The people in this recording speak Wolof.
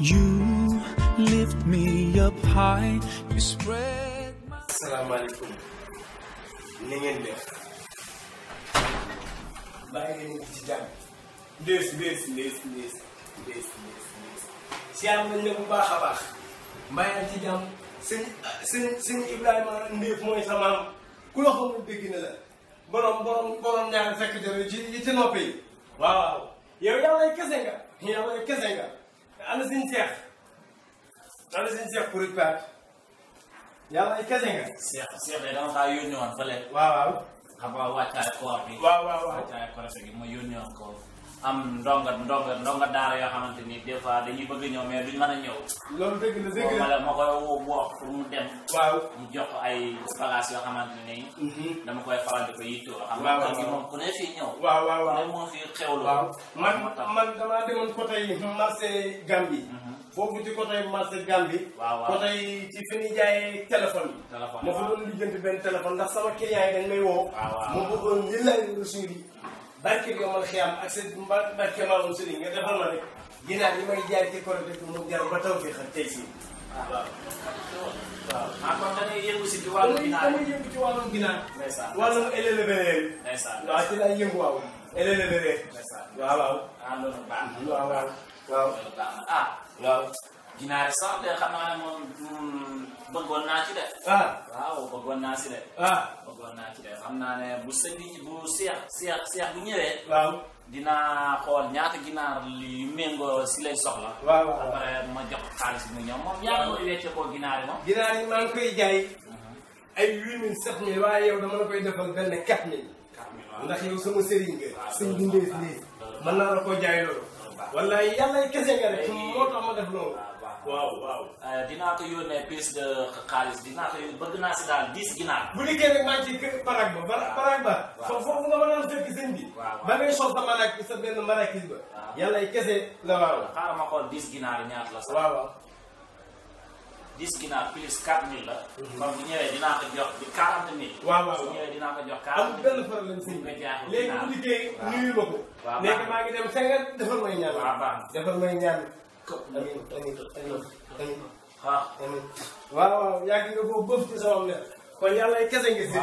You lift me up high, you spread my... Asalaamaaleykum ni ngeen def bàyyi leen ci jàmm ndées ndées ndées ndées ndées ndées siyaam nañ la bu baax a baax mbàyyi ci jàmm sëñ sëñ sëñ Ibrahima Ndéef mooy sa maam ku la xamul dégg na la borom borom borom ñaari fekk jëre ci ci noppi yi waaw yow yàlla kese nga yow yàlla kese nga ana suñu seex ana suñu seex pour paat yàlla ay kese nga. seex seex de dama kaa yónni woon fële. waaw waaw. xam nga wàccaay koor bi. waaw waaw waaw wàccaay koor bi ma yónni woon koor. am ndonga ndonga ndonga daara yoo xamante ni des fois dañuy bëgg a ñëw mais duñ mën a ñëw. loolu dëgg la dëgg la ma ay bagages yoo mhm. dama koy faral di ko yittoo. waaw xam nga moom ku ne fii ñëw. waaw waaw waaw man damaa demoon côté marché Gambie. Mhm. foofu ci côté marché Gambie. waaw waaw côté ci fi ñuy jaayee téléphone yi. ma fa doon lijjanti benn téléphone ndax sama client yi dañ may woo. waaw waaw ma bëggoon ñu lay suñu barke bi yomal xiyam ak sa barke maamu sëriñ nga defal ma rek ginaar yi may jaay ci korité bi mu jar ba taw bi xam tey si waaw waaw ah kon da ngay yëngu si ci wàllu ginaar da ngay yëngu ci wàllum ginaar. ndeysaan wàllum éleveur. ndeysaan waaw ci laay yëngu waaw. éleveur. ndeysaan waaw waaw. ah loolu baax na. waaw waaw waaw. loolu baax na ah waaw. ginaare sax de xam naa ne bëggoon naa ci def. Ah. waaw bëggoon naa si def. Ah. bu sëñ bu seex seex seex bu ñëwee. waaw dinaa xool ñaata ginaar yu méngoo si lay soxla. waaw waaw après ma jox xaalis bi mu ñëw moom ñaata nga weccee koo ginaar yi moom. ginaar maa ngi koy jaay. Uh-huh. ay huit mille sept mille waaye yow dama la koy defal benn quatre mille. quatre mille ndax yow sama sëriñ nga. sëñ bi ndéef lii mën naa la koo jaay loolu. wallaay yàlla kese nga rek moo tax ma def loolu. waaw waaw euh, dinaa ko yónnee pièce de xaalis dinaa ko yónnee bëgg naa si daal dix ginaar. bu liggéey rek maa ngi ciy parag ba parag ba. waaw foofu nga mën a fekk sëñ bi. ba ngay sol sa maraak sa benn maraakis ba. waaw yàlla kese la waaw. xaaral ma xool dix ginaar ñaata la sax. ginaar plus quatre mille la. Mhm. kon bu ñëwee dinaa ko jox bi quarante mille. waaw léegi bu liggéey nuyu ma ko. léegi maa ngi dem sa nga defal ñaan. waaw defal may ñaan. amiin amiin amiin waaw waaw yàgg nga ko bëf ci sama mère kon yàlla kese ngi si